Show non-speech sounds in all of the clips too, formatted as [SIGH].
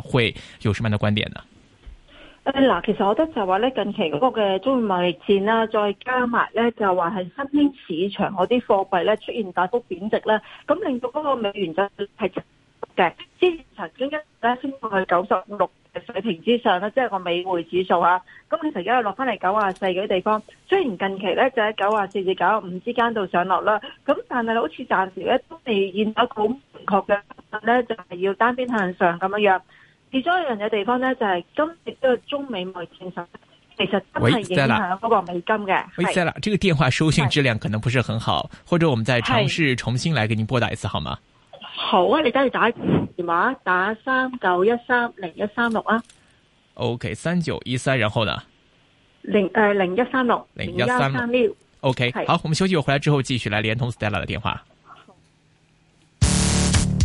會有什麼樣的觀點呢？誒嗱，其實我覺得就話咧，近期嗰個嘅中美貿易戰啦，再加埋咧就話係新興市場嗰啲貨幣咧出現大幅貶值咧，咁令到嗰個美元就係嘅。之前曾經一時升到去九十六嘅水平之上咧，即係個美匯指數啊。咁其實而家落翻嚟九啊四嗰啲地方，雖然近期咧就喺九啊四至九啊五之間度上落啦，咁但係好似暫時咧都未見到好明確嘅咧，就係要單邊向上咁樣樣。最重要嘅地方呢，就係、是、今日嘅中美貿易戰，其實真係影響嗰個美金嘅。喂，Stella，這個電話收信質量可能不是很好，或者我們再嘗試重新來給您撥打一次好嗎？好啊，你等家打電話，打三九一三零一三六啊。OK，三九一三，然後呢？零誒、呃，零一三六零一三六。OK，好，我們休息，我回來之後繼續來連同 Stella 嘅電話。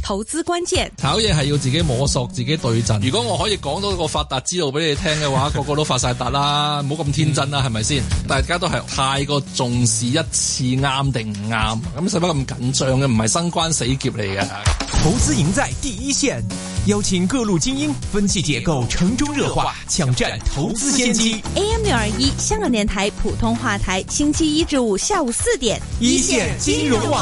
投資關鍵，炒嘢係要自己摸索，自己對陣。如果我可以講到個發達之路俾你聽嘅話， [LAUGHS] 個個都發晒達啦，唔好咁天真啦、啊，係咪先？大家都係太過重視一次啱定唔啱，咁使乜咁緊張嘅？唔係生關死劫嚟嘅。投資贏在第一線，邀請各路精英分析解構，城中熱化，搶佔投資先機。AM 六二一香港電台普通話台，星期一至五下午四點，一線金融網。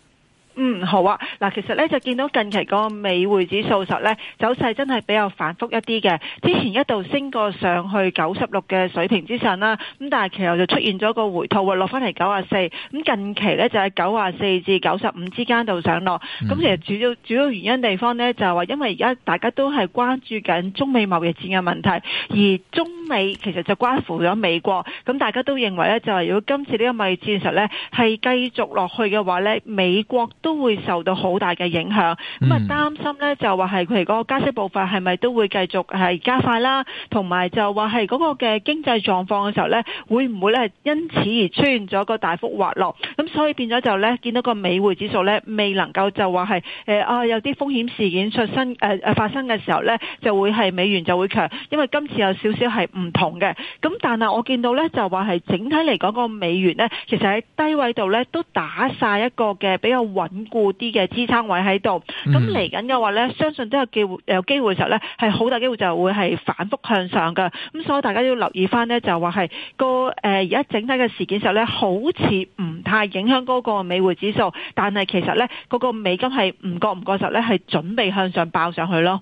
嗯，好啊。嗱，其實咧就見到近期個美匯指數實咧走勢真係比較反復一啲嘅。之前一度升過上去九十六嘅水平之上啦，咁但係其實就出現咗個回吐，落翻嚟九啊四。咁近期咧就喺九啊四至九十五之間度上落。咁、嗯、其實主要主要原因地方咧就係話，因為而家大家都係關注緊中美貿易戰嘅問題，而中。其實就關乎咗美國，咁大家都認為咧，就係如果今次呢個貿易戰術咧係繼續落去嘅話咧，美國都會受到好大嘅影響，咁、嗯、啊擔心咧就話係佢哋嗰個加息步伐係咪都會繼續係加快啦，同埋就話係嗰個嘅經濟狀況嘅時候咧，會唔會咧因此而出現咗個大幅滑落？咁所以變咗就咧見到個美匯指數咧未能夠就話係誒啊有啲風險事件出生誒誒發生嘅時候咧，就會係美元就會強，因為今次有少少係。唔同嘅，咁但係我見到咧，就話係整體嚟講個美元咧，其實喺低位度咧都打晒一個嘅比較穩固啲嘅支撐位喺度。咁嚟緊嘅話咧，相信都有機會，有機會時候咧，係好大機會就會係反復向上㗎。咁所以大家要留意翻咧，就話係個誒而家整體嘅事件時候咧，好似唔太影響嗰個美匯指數，但係其實咧嗰個美金係唔覺唔覺實咧，係準備向上爆上去咯。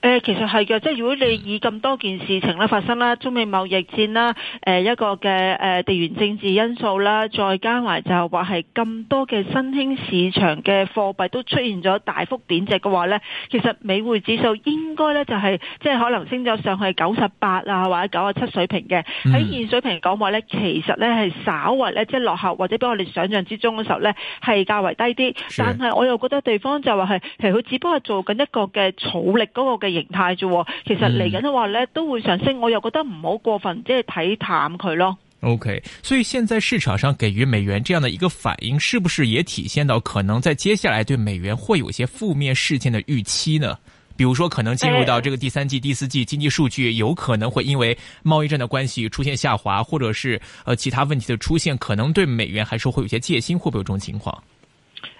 誒，其實係嘅，即係如果你以咁多件事情咧發生啦，中美貿易戰啦，誒、呃、一個嘅誒、呃、地緣政治因素啦，再加埋就係話係咁多嘅新興市場嘅貨幣都出現咗大幅貶值嘅話咧，其實美匯指數應該咧就係即係可能升咗上去九十八啊或者九十七水平嘅。喺、嗯、現水平講話咧，其實咧係稍為咧即係落後或者比我哋想象之中嘅時候咧係較為低啲。但係我又覺得地方就話、是、係其實佢只不過做緊一個嘅儲力嗰、那個嘅。形態啫，其實嚟緊嘅話呢，都會上升，我又覺得唔好過分即係睇淡佢咯。Okay，所以現在市場上給予美元這樣的一個反應，是不是也體現到可能在接下來對美元會有一些負面事件的預期呢？比如說可能進入到這個第三季、哎、第四季，經濟數據有可能會因為貿易戰的關係出現下滑，或者是呃其他問題的出現，可能對美元還是會有些戒心，會唔會有這種情況？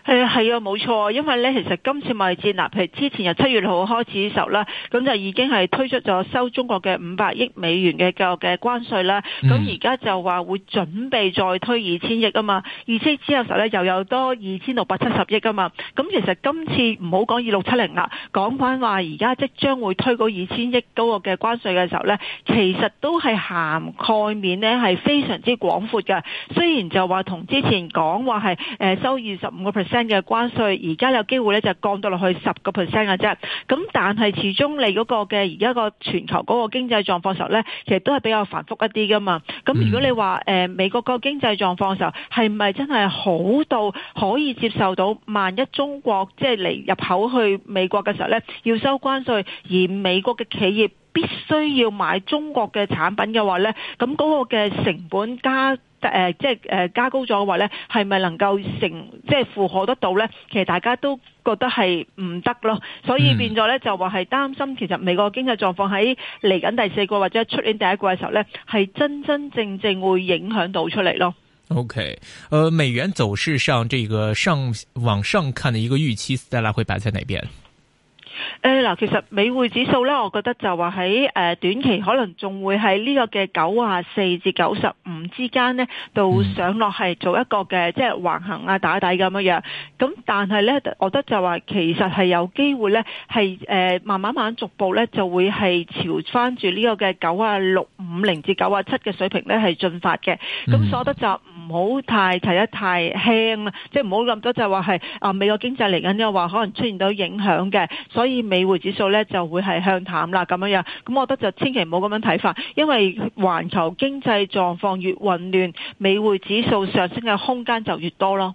誒係啊，冇錯，因為咧，其實今次貿易戰，譬如之前由七月六號開始嘅時候啦，咁就已經係推出咗收中國嘅五百億美元嘅嘅嘅關稅啦。咁而家就話會準備再推二千億啊嘛，二千億之後時候咧又有多二千六百七十億啊嘛。咁其實今次唔好講二六七零啦，講翻話而家即將會推嗰二千億嗰個嘅關稅嘅時候咧，其實都係涵蓋面咧係非常之廣闊嘅。雖然就話同之前講話係誒收二十五個 percent。嘅關稅而家有機會咧就降到落去十個 percent 嘅啫，咁但係始終你嗰個嘅而家個全球嗰個經濟狀況嘅時候咧，其實都係比較繁複一啲噶嘛。咁如果你話誒美國個經濟狀況嘅時候係咪真係好到可以接受到，萬一中國即係嚟入口去美國嘅時候咧要收關稅，而美國嘅企業必須要買中國嘅產品嘅話咧，咁嗰個嘅成本加。誒、呃，即係誒，加高咗嘅話咧，係咪能夠成即係負荷得到咧？其實大家都覺得係唔得咯，所以變咗咧就話係擔心，其實美國經濟狀況喺嚟緊第四季或者出年第一季嘅時候咧，係真真正正會影響到出嚟咯。OK，誒、呃，美元走勢上，這個上往上看的一個預期，s 再來會擺在哪邊？誒，嗱，其實美匯指數咧，我覺得就話喺誒短期可能仲會喺呢個嘅九啊四至九十五之間呢，到上落係做一個嘅即係橫行啊打底咁樣樣。咁但係咧，我覺得就話其實係有機會咧，係誒慢慢慢逐步咧就會係朝翻住呢個嘅九啊六五零至九啊七嘅水平咧係進發嘅。咁所得就唔。唔好太提得太輕啦，即係唔好咁多，就話係啊美國經濟嚟緊呢個話可能出現到影響嘅，所以美匯指數咧就會係向淡啦咁樣樣。咁我覺得就千祈唔好咁樣睇法，因為環球經濟狀況越混亂，美匯指數上升嘅空間就越多咯。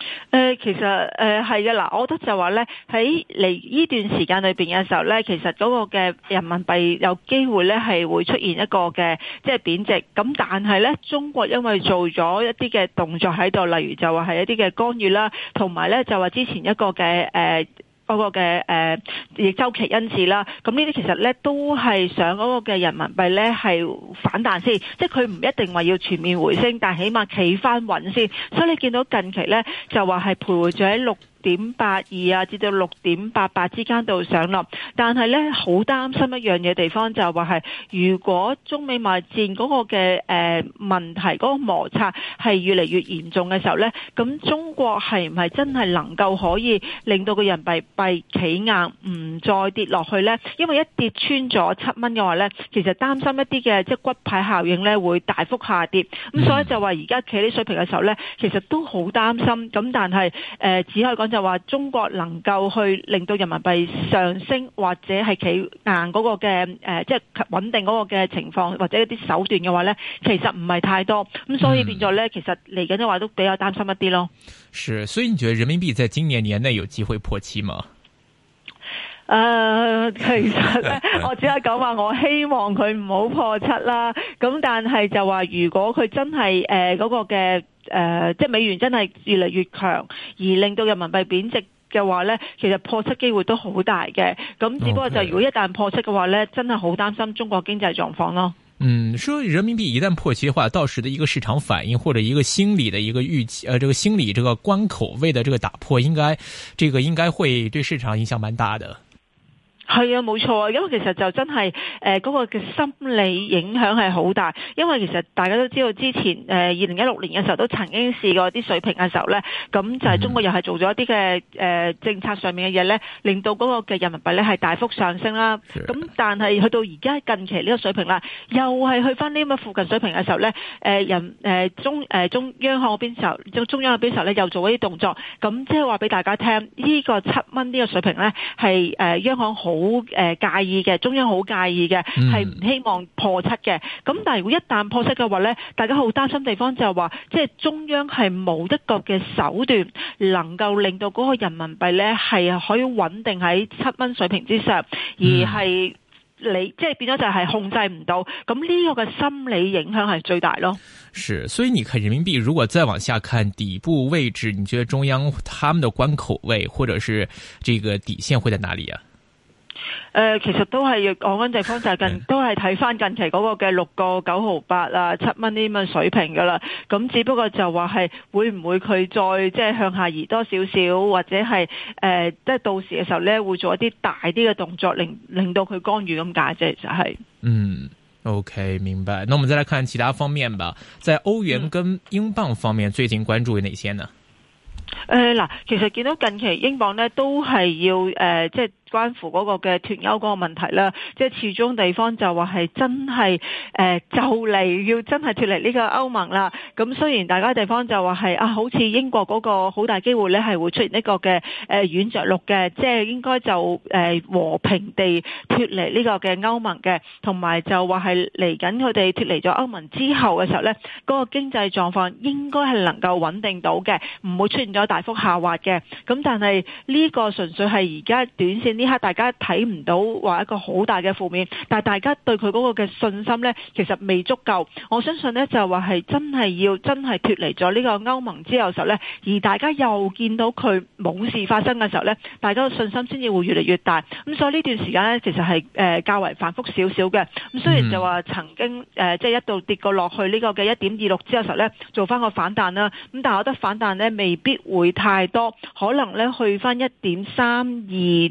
誒、呃，其實誒係嘅，嗱、呃，我覺得就話咧喺嚟呢段時間裏邊嘅時候咧，其實嗰個嘅人民幣有機會咧係會出現一個嘅即係貶值，咁但係咧中國因為做咗一啲嘅動作喺度，例如就話係一啲嘅干預啦，同埋咧就話之前一個嘅誒。呃嗰、那個嘅誒逆週期因子啦，咁呢啲其實咧都係想嗰個嘅人民幣咧係反彈先，即係佢唔一定話要全面回升，但係起碼企翻穩先。所以你見到近期咧就話係徘徊住喺六點八二啊，至到六點八八之間度上落，但係呢，好擔心一樣嘢地方就係話係，如果中美貿戰嗰個嘅問題嗰個摩擦係越嚟越嚴重嘅時候呢，咁中國係唔係真係能夠可以令到個人民幣企硬唔再跌落去呢？因為一跌穿咗七蚊嘅話呢，其實擔心一啲嘅即係骨牌效應呢會大幅下跌，咁所以就話而家企喺水平嘅時候呢，其實都好擔心，咁但係誒只可以講。就話中國能夠去令到人民幣上升或者係企硬嗰個嘅，誒、呃，即係穩定嗰個嘅情況或者一啲手段嘅話咧，其實唔係太多，咁所以變咗咧、嗯，其實嚟緊嘅話都比較擔心一啲咯。是，所以你覺得人民幣在今年年內有機會破七嗎？誒、呃，其實咧， [LAUGHS] [LAUGHS] 我只係講話我希望佢唔好破七啦。咁但係就話如果佢真係誒嗰個嘅。誒、呃，即係美元真係越嚟越強，而令到人民幣貶值嘅話呢，其實破七機會都好大嘅。咁只不過就如果一旦破七嘅話呢、okay. 真係好擔心中國經濟狀況咯。嗯，說人民幣一旦破七嘅話，到時的一個市場反應或者一個心理的一個預期，呃，這個心理這個關口位的這個打破，應該這個應該會對市場影響蠻大的。係啊，冇錯啊，因為其實就真係誒嗰個嘅心理影響係好大，因為其實大家都知道之前誒二零一六年嘅時候都曾經試過啲水平嘅時候咧，咁就係中國又係做咗一啲嘅誒政策上面嘅嘢咧，令到嗰個嘅人民幣咧係大幅上升啦。咁但係去到而家近期呢個水平啦，又係去翻呢個附近水平嘅時候咧，誒人誒中誒中央行嗰邊時候，中中央嗰邊時候咧又做一啲動作，咁即係話俾大家聽，呢個七蚊呢個水平咧係誒央行好。好誒介意嘅，中央好介意嘅，係唔希望破七嘅。咁但係如果一旦破七嘅話咧，大家好擔心地方就係話，即係中央係冇一個嘅手段，能夠令到嗰個人民幣咧係可以穩定喺七蚊水平之上，而係你、嗯、即係變咗就係控制唔到。咁、這、呢個嘅心理影響係最大咯。是，所以你看人民幣如果再往下看底部位置，你覺得中央他們的關口位，或者是這個底線會在哪裡啊？誒、呃，其實都係要講翻地方就，就、嗯、近都係睇翻近期嗰個嘅六個九毫八啊，七蚊呢蚊水平噶啦。咁只不過就話係會唔會佢再即係、就是、向下移多少少，或者係誒，即、呃、係、就是、到時嘅時候咧，會做一啲大啲嘅動作，令令到佢干預咁解。即係就係、是。嗯，OK，明白。那我們再來看其他方面吧。在歐元跟英鎊方面，嗯、最近關注有哪些呢？誒，嗱，其實見到近期英鎊呢，都係要誒、呃，即係。關乎嗰個嘅脫歐嗰個問題啦，即係始終地方就話係真係誒就嚟要真係脫離呢個歐盟啦。咁雖然大家的地方就話係啊，好似英國嗰個好大機會咧，係會出現呢個嘅誒軟着陸嘅，即係應該就誒和平地脫離呢個嘅歐盟嘅，同埋就話係嚟緊佢哋脫離咗歐盟之後嘅時候咧，嗰個經濟狀況應該係能夠穩定到嘅，唔會出現咗大幅下滑嘅。咁但係呢個純粹係而家短線。呢刻大家睇唔到話一個好大嘅負面，但係大家對佢嗰個嘅信心呢，其實未足夠。我相信呢，就話係真係要真係脱離咗呢個歐盟之後嘅時候呢，而大家又見到佢冇事發生嘅時候呢，大家嘅信心先至會越嚟越大。咁所以呢段時間呢，其實係誒較為反覆少少嘅。咁雖然就話曾經誒即係一度跌過落去呢個嘅一點二六之後嘅時候呢，做翻個反彈啦。咁但係我覺得反彈呢，未必會太多，可能呢去翻一點三二。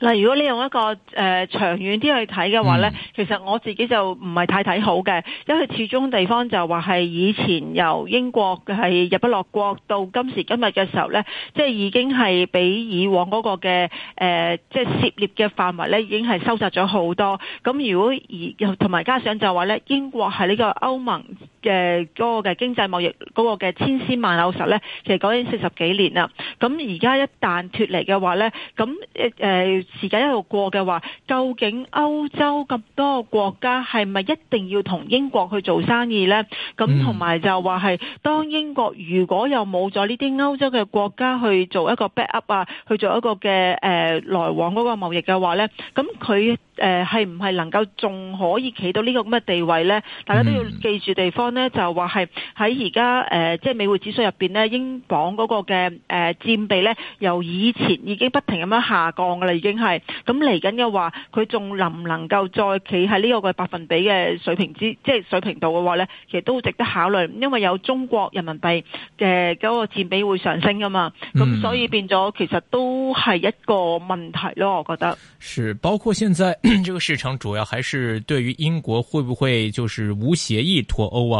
嗱，如果你用一個誒、呃、長遠啲去睇嘅話咧、嗯，其實我自己就唔係太睇好嘅，因為始終地方就話係以前由英國係日不落國到今時今日嘅時候咧，即、就、係、是、已經係比以往嗰個嘅誒，即、呃、係、就是、涉獵嘅範圍咧，已經係收窄咗好多。咁如果而同埋加上就話咧，英國係呢個歐盟，嘅個嘅經濟貿易個嘅千絲萬縷實咧，其實講緊四十幾年啦。咁而家一旦脫離嘅話咧，咁誒誒時間一路過嘅話，究竟歐洲咁多個國家係咪一定要同英國去做生意咧？咁同埋就話、是、係當英國如果又冇咗呢啲歐洲嘅國家去做一個 back up 啊，去做一個嘅誒來往嗰個貿易嘅話咧，咁佢誒係唔係能夠仲可以企到呢個咁嘅地位咧？大家都要記住地方。咧就話係喺而家誒，即係美匯指數入邊咧，英鎊嗰個嘅誒佔比咧，由以前已經不停咁樣下降噶啦，已經係咁嚟緊嘅話，佢仲能唔能夠再企喺呢個嘅百分比嘅水平之即係水平度嘅話咧，其實都值得考慮，因為有中國人民幣嘅嗰個佔比會上升噶嘛，咁所以變咗其實都係一個問題咯，我覺得。是包括現在， [COUGHS] 這個市場主要還是對於英國會不會就是無協議脱歐啊？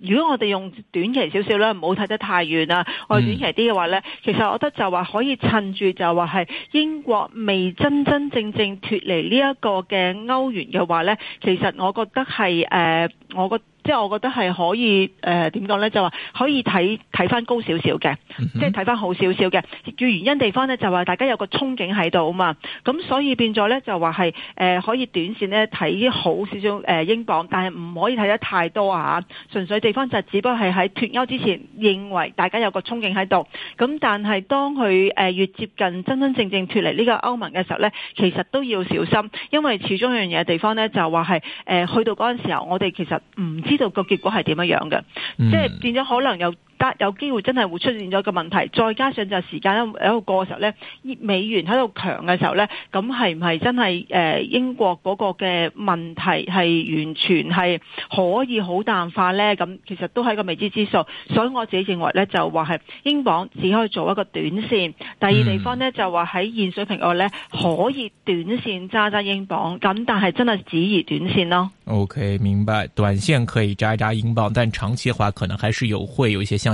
如果我哋用短期少少啦，唔好睇得太遠啊。我短期啲嘅話咧，其實我覺得就話可以趁住就話係英國未真真正正脱離呢一個嘅歐元嘅話咧，其實我覺得係誒、呃，我覺。即係我覺得係可以誒點講呢？就話可以睇睇翻高少少嘅，即係睇翻好少少嘅。主要原因地方呢，就話大家有個憧憬喺度啊嘛，咁所以變咗呢，就話係誒可以短線呢睇好少少誒英鎊，但係唔可以睇得太多嚇、啊。純粹地方就只不過係喺脱歐之前認為大家有個憧憬喺度，咁但係當佢誒越接近真真正正脱離呢個歐盟嘅時候呢，其實都要小心，因為始終有樣嘢地方呢、就是，就話係誒去到嗰陣時候，我哋其實唔知。呢度個結果係點樣樣嘅？即係變咗可能有。有機會真係會出現咗個問題，再加上就時間喺度過嘅時候咧，美元喺度強嘅時候呢，咁係唔係真係誒英國嗰個嘅問題係完全係可以好淡化呢？咁其實都係一個未知之數，所以我自己認為呢，就話係英鎊只可以做一個短線。第二地方呢，嗯、就話喺現水平外呢，可以短線揸揸英鎊，咁但係真係只宜短線咯。O.K. 明白，短線可以揸揸英鎊，但係長期嘅話可能還是有會有一些相，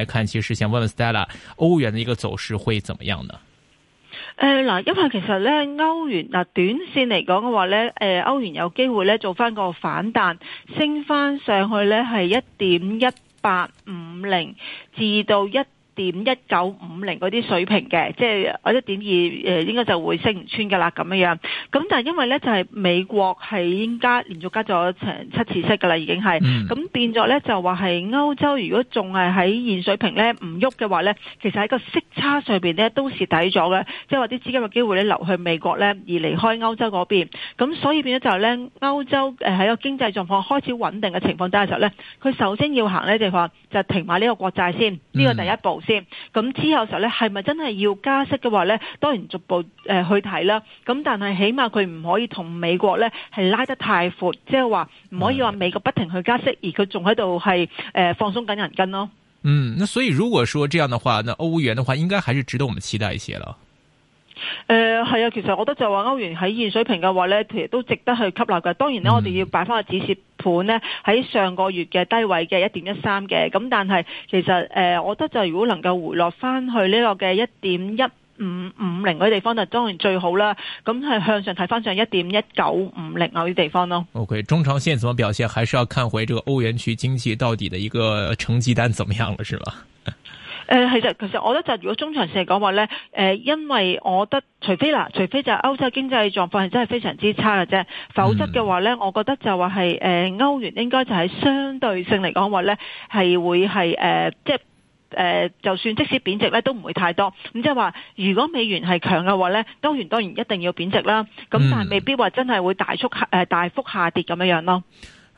來看，其實想問問 Stella，歐元的一個走勢會怎麼樣呢？誒、呃、嗱，因為其實咧，歐元嗱短線嚟講嘅話咧，誒、呃，歐元有機會咧做翻個反彈，升翻上去咧係一點一八五零至到一點一九五零嗰啲水平嘅，即係我一點二誒，應該就會升唔穿嘅啦咁樣樣。咁但係因為咧就係、是、美國係已加連續加咗七次息嘅啦，已經係咁變咗咧就話係歐洲如果仲係喺現水平咧唔喐嘅話咧，其實喺個息差上邊咧都蝕底咗嘅，即係話啲資金嘅機會咧流去美國咧而離開歐洲嗰邊，咁所以變咗就係咧歐洲誒喺個經濟狀況開始穩定嘅情況底下嘅時候咧，佢首先要行呢地方，就停買呢個國債先，呢、這個第一步。嗯。咁之後時候咧係咪真係要加息嘅話咧？當然逐步誒、呃、去睇啦。咁但係起碼佢唔可以同美國咧係拉得太闊，即係話唔可以話美國不停去加息，而佢仲喺度係誒放鬆緊銀根咯。嗯，那所以如果說這樣的話，那歐元的話應該還是值得我們期待一些啦。誒、呃，係啊，其實我覺得就話歐元喺現水平嘅話咧，其實都值得去吸納嘅。當然呢，我哋要擺翻個止蝕盤呢，喺上個月嘅低位嘅一點一三嘅。咁但係其實誒、呃，我覺得就如果能夠回落翻去呢個嘅一點一五五零嗰啲地方，就當然最好啦。咁係向上睇翻上一點一九五零嗰啲地方咯。OK，中長線怎麼表現，還是要看回這個歐元區經濟到底的一個成績單怎麼樣了，是吧？誒、呃，其實其實我覺得就如果中長線嚟講話咧，誒、呃，因為我覺得除非嗱，除非就係歐洲經濟狀況係真係非常之差嘅啫，否則嘅話咧，我覺得就話係誒歐元應該就係相對性嚟講話咧，係會係誒、呃，即係誒、呃，就算即使貶值咧都唔會太多。咁即係話，如果美元係強嘅話咧，歐元當然一定要貶值啦。咁但係未必話真係會大速下、呃、大幅下跌咁樣樣咯。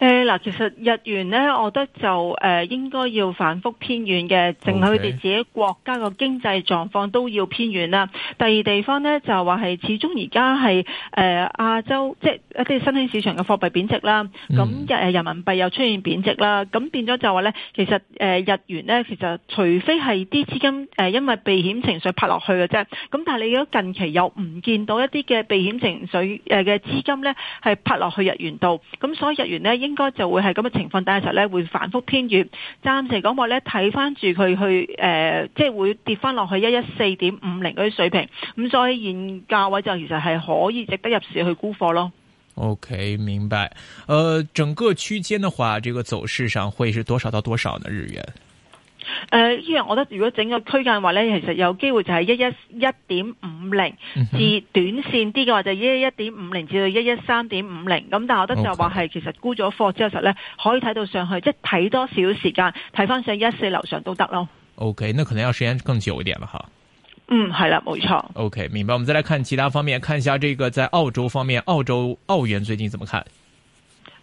誒嗱，其實日元咧，我覺得就誒應該要反覆偏軟嘅，淨係佢哋自己國家個經濟狀況都要偏軟啦。第二地方咧就話係始終而家係誒亞洲，即係一啲新興市場嘅貨幣貶值啦。咁誒人民幣又出現貶值啦，咁變咗就話咧，其實日元咧，其實除非係啲資金誒因為避險情緒拍落去嘅啫。咁但係你如果近期又唔見到一啲嘅避險情緒誒嘅資金咧係拍落去日元度，咁所以日元咧應應該就會係咁嘅情況下，但係其實會反覆偏軟。暫時講話呢，睇翻住佢去誒，即係會跌翻落去一一四點五零嗰啲水平。咁所以現價位就其實係可以值得入市去沽貨咯。OK，明白。誒、呃，整個區間的話，這個走勢上會是多少到多少呢？日元？誒、呃，呢樣我覺得如果整個區間的話咧，其實有機會就係一一一點五零至短線啲嘅話，就一一一點五零至到一一三點五零。咁但係我覺得就話係其實沽咗貨之後實咧，可以睇到上去，okay，即係睇多少時間，睇翻上一四樓上都得咯。OK，那可能要時間更久一點啦，哈。嗯，係啦，冇錯。OK，明白。我們再來看其他方面，看一下這個在澳洲方面，澳洲澳元最近怎麼看？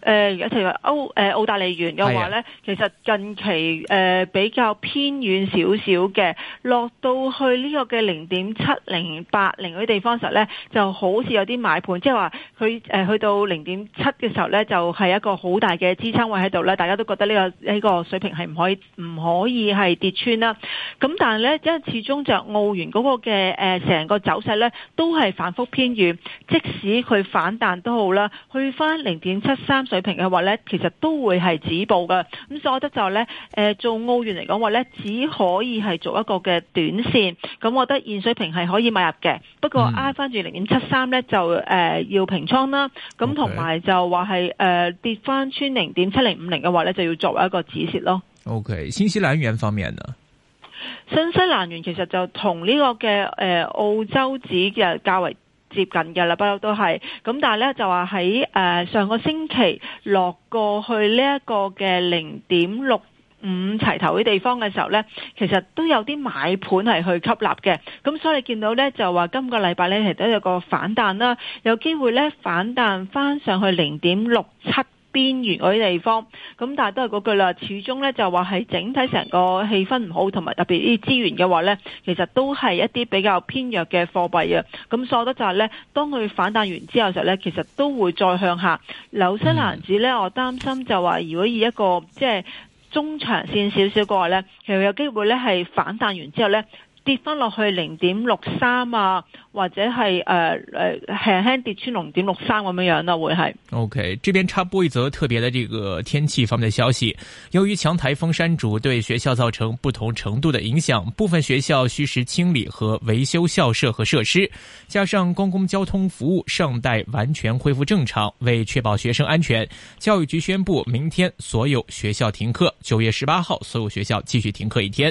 誒，而家譬如澳澳大利元嘅話咧，其實近期誒、呃、比較偏遠少少嘅，落到去呢個嘅零點七零八，零嗰啲地方時候咧就好似有啲買盤，即係話佢誒去到零點七嘅時候咧，就係、是、一個好大嘅支撐位喺度咧，大家都覺得呢、這個呢、這個水平係唔可以唔可以係跌穿啦。咁但係咧，因為始終就澳元嗰個嘅誒成個走勢咧，都係反覆偏遠，即使佢反彈都好啦，去翻零點七三水平嘅話咧，其實都會係止步噶，咁所以我覺得就咧、是，誒、呃、做澳元嚟講話咧，只可以係做一個嘅短線，咁我覺得現水平係可以買入嘅，不過挨翻住零點七三咧就誒、呃、要平倉啦，咁同埋就、呃、話係誒跌翻穿零點七零五零嘅話咧就要作為一個止蝕咯。O、okay. K，新西蘭元方面啊，新西蘭元其實就同呢個嘅誒、呃、澳洲紙嘅較為。接近嘅啦，不嬲都係。咁但係咧就話喺、呃、上個星期落過去呢一個嘅零點六五齊頭嘅地方嘅時候咧，其實都有啲買盤係去吸納嘅。咁所以你見到咧就話今個禮拜咧係都有個反彈啦，有機會咧反彈翻上去零點六七，邊緣嗰啲地方，咁但係都係嗰句啦，始終呢，就話係整體成個氣氛唔好，同埋特別啲資源嘅話呢，其實都係一啲比較偏弱嘅貨幣啊。咁所得就係呢，當佢反彈完之後嘅時候呢，其實都會再向下。紐西蘭紙呢，我擔心就話，如果以一個即係、就是、中長線少少講呢，其實有機會呢，係反彈完之後呢。跌翻落去零點六三啊，或者係誒誒，輕輕跌穿零點六三咁樣樣咯，會係。OK，這邊插播一則特別的這個天氣方面的消息。由於強台風山竹對學校造成不同程度的影響，部分學校需時清理和維修校舍和設施，加上公共交通服務尚待完全恢復正常，為確保學生安全，教育局宣布明天所有學校停課，九月十八號所有學校繼續停課一天。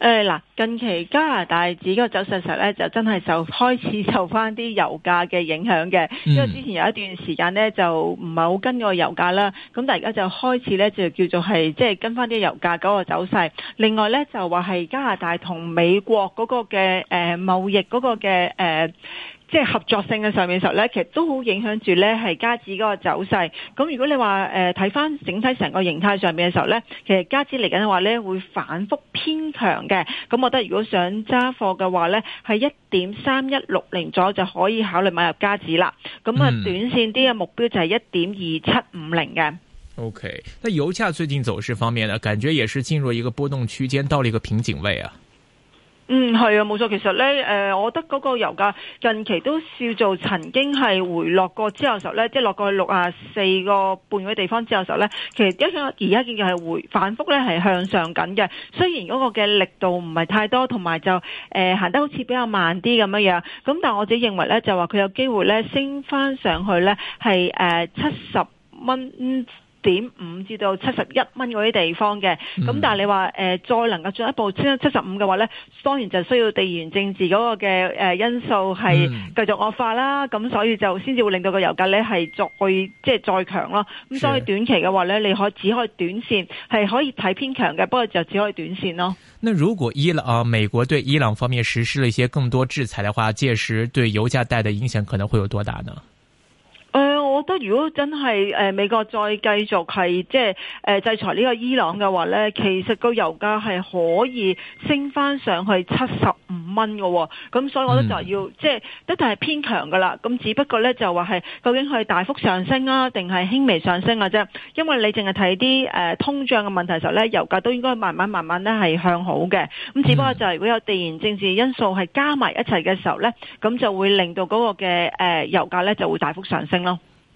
誒，嗱，近期加拿大紙嗰個走勢實咧，就真係受開始受翻啲油價嘅影響嘅，因為之前有一段時間咧就唔係好跟個油價啦，咁但而家就開始咧就叫做係即係跟翻啲油價嗰個走勢。另外咧就話係加拿大同美國嗰個嘅誒、呃、貿易嗰個嘅誒。呃即係合作性嘅上面的時候咧，其實都好影響住咧係加指嗰個走勢。咁如果你話誒睇翻，整體成個形態上面嘅時候咧，其實加指嚟緊嘅話咧，會反復偏強嘅。咁我覺得如果想揸貨嘅話咧，喺一點三一六零咗就可以考慮買入加指啦。咁啊，短線啲嘅目標就係一點二七五零嘅。OK，那油價最近走勢方面呢，感覺也是進入一個波動區間，到了一個瓶頸位啊。嗯，係啊，冇錯。其實咧，誒、呃，我覺得嗰個油價近期都叫做曾經係回落過之後時候咧，即係落過去六啊四個半嘅地方之後時候咧，其實而家而家見嘅係回反覆咧係向上緊嘅。雖然嗰個嘅力度唔係太多，同埋就誒行、呃、得好似比較慢啲咁樣樣。咁但係我自己認為咧，就話佢有機會咧升翻上去咧，係誒七十蚊，呃點五至到七十一蚊嗰啲地方嘅，咁、嗯、但係你話誒再能夠進一步升七十五嘅話呢，當然就需要地緣政治嗰個嘅誒因素係繼續惡化啦，咁、嗯、所以就先至會令到個油價呢係再即係再強咯。咁所以短期嘅話呢，你可以只可以短綫係可以睇偏強嘅，不過就只可以短綫咯。那如果伊朗啊，美國對伊朗方面實施咗一些更多制裁嘅話，屆時對油價帶的影響可能會有多大呢？我覺得如果真係誒、呃、美國再繼續係即係誒制裁呢個伊朗嘅話咧，其實個油價係可以升翻上去七十五蚊嘅，咁所以我覺得就要即係一定係偏強噶啦。咁只不過咧就話係究竟佢大幅上升啊，定係輕微上升嘅，啊、啫。因為你淨係睇啲誒通脹嘅問題嘅時候咧，油價都應該慢慢慢慢咧係向好嘅。咁只不過就係如果有地緣政治因素係加埋一齊嘅時候咧，咁就會令到嗰個嘅誒、呃、油價咧就會大幅上升咯。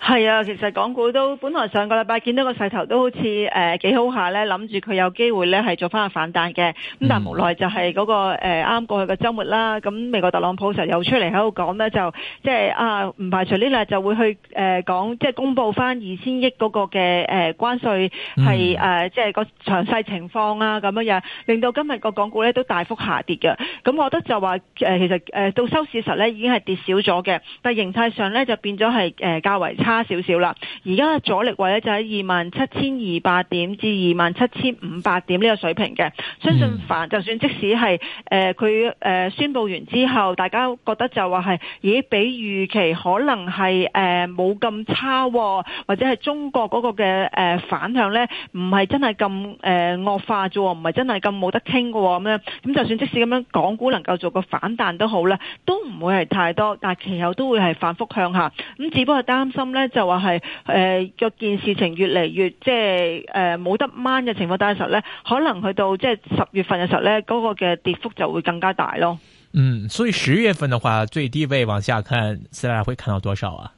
係啊，其實港股都本來上個禮拜見到個勢頭都好似誒、呃、幾好下咧，諗住佢有機會咧，係做翻、嗯那個反彈嘅。咁但係無奈就係嗰個誒啱過去嘅週末啦，咁美國特朗普就又出嚟喺度講咧，就即係、就是、啊唔排除呢日就會去誒講，即、呃、係、就是、公布翻二千億嗰個嘅誒、呃、關稅係誒即係個詳細情況啊咁樣樣，令到今日個港股咧都大幅下跌嘅。咁我覺得就話誒、呃、其實誒、呃、到收市時咧已經係跌少咗嘅，但係形態上咧就變咗係誒較。呃差少少啦，而家嘅阻力位咧就喺二萬七千二百點至二萬七千五百點呢個水平嘅，相信反就算即使係誒佢誒宣布完之後，大家覺得就話係咦，比預期可能係誒冇咁差，或者係中國嗰個嘅誒、呃、反向咧，唔係真係咁誒惡化啫，唔係真係咁冇得傾嘅咁咧，咁就算即使咁樣港股能夠做個反彈都好啦，都唔會係太多，但係其後都會係反覆向下，咁只不過擔心咧就話係誒個件事情越嚟越即係誒冇得掹嘅情況，但係實咧可能去到即係十月份嘅時候咧，嗰個嘅跌幅就會更加大咯。嗯，所以十月份嘅話，最低位往下看，未來會、啊嗯、會看到多少啊？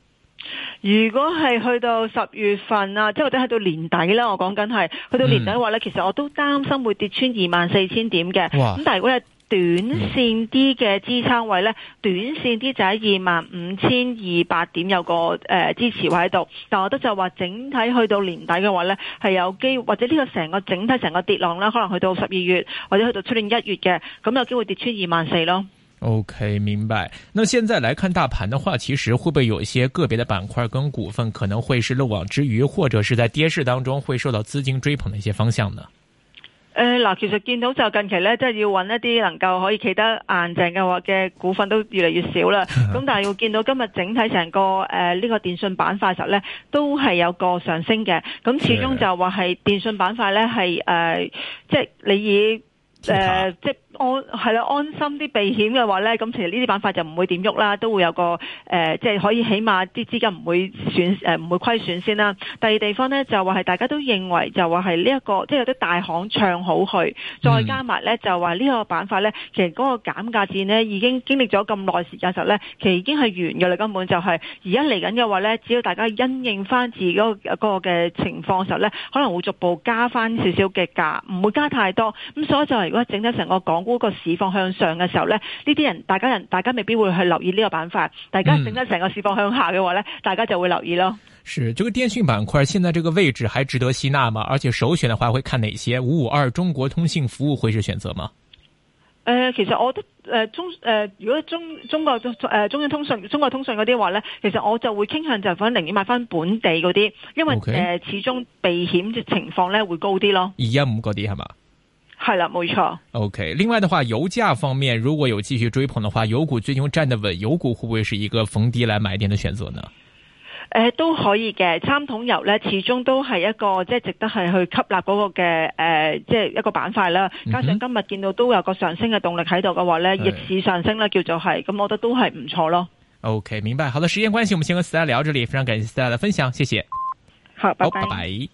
如果係去到十月份啊，即係或者到去到年底咧，我講緊係去到年底嘅話咧，其實我都擔心會跌穿二萬四千點嘅。咁但係如果咧？短線啲嘅支撐位咧，短線啲就喺二萬五千二百點有個誒、呃、支持位喺度。但我覺得就話整體去到年底嘅話呢係有機會或者呢個成個整體成個跌浪啦，可能去到十二月或者去到出年一月嘅，咁有機會跌穿二萬四咯。OK，明白。那現在來看大盤嘅話，其實會不會有一些個別的板塊跟股份可能會是漏網之魚，或者是在跌市當中會受到資金追捧嘅一些方向呢？誒嗱，其實見到就近期咧，即係要揾一啲能夠可以企得硬淨嘅話嘅股份都越嚟越少啦。咁但係要見到今日整體成個呢、呃呢個電信板塊實咧，都係有個上升嘅。咁始終就話係電信板塊咧，係、呃、即係你以誒、呃、即。我係啦、啊，安心啲避險嘅話咧，咁其實呢啲板塊就唔會點喐啦，都會有個即係、呃就是、可以起碼啲資金唔會損唔、呃、會虧損先啦。第二地方咧就話係大家都認為就話係呢一個，即、就、係、是、有啲大行唱好去，再加埋咧就話呢個板塊咧，其實嗰個減價戰呢已經經歷咗咁耐時間時候咧，其實已經係完嘅啦，根本就係、是、而家嚟緊嘅話咧，只要大家因應應翻自己嗰、那個嘅、那個、情況時候咧，可能會逐步加翻少少嘅價，唔會加太多。咁所以就係如果整得成個港。如果個市況向上嘅時候咧，呢啲人大家人大家未必會去留意呢個板塊。大家整得成個市況向下嘅話咧、嗯，大家就會留意咯。是，就、這個電信板塊，現在這個位置還值得吸納嗎？而且首選的話會看哪些？五五二中國通信服務會是選擇嗎？誒、呃，其實我覺得誒、呃、中誒、呃，如果中中國誒、呃、中央通訊、中國通訊嗰啲話咧，其實我就會傾向就可能寧願買翻本地嗰啲，因為誒、okay. 呃、始終避險嘅情況咧會高啲咯。二一五嗰啲係嘛？係啦，冇錯。OK，另外嘅話，油價方面如果有繼續追捧嘅話，油股最近站得穩，油股會唔會是一個逢低來買點嘅選擇呢？誒、呃，都可以嘅，三桶油咧，始終都係一個即係值得係去吸納嗰個嘅誒、呃，即係一個板塊啦。加上今日見到都有個上升嘅動力喺度嘅話咧，逆、嗯、市上升咧，叫做係，咁、嗯、我覺得都係唔錯咯。OK，明白。好啦，時間關係，我們先跟大家聊到這裡，非常感謝大家的分享，謝謝。好，好拜，拜，拜拜。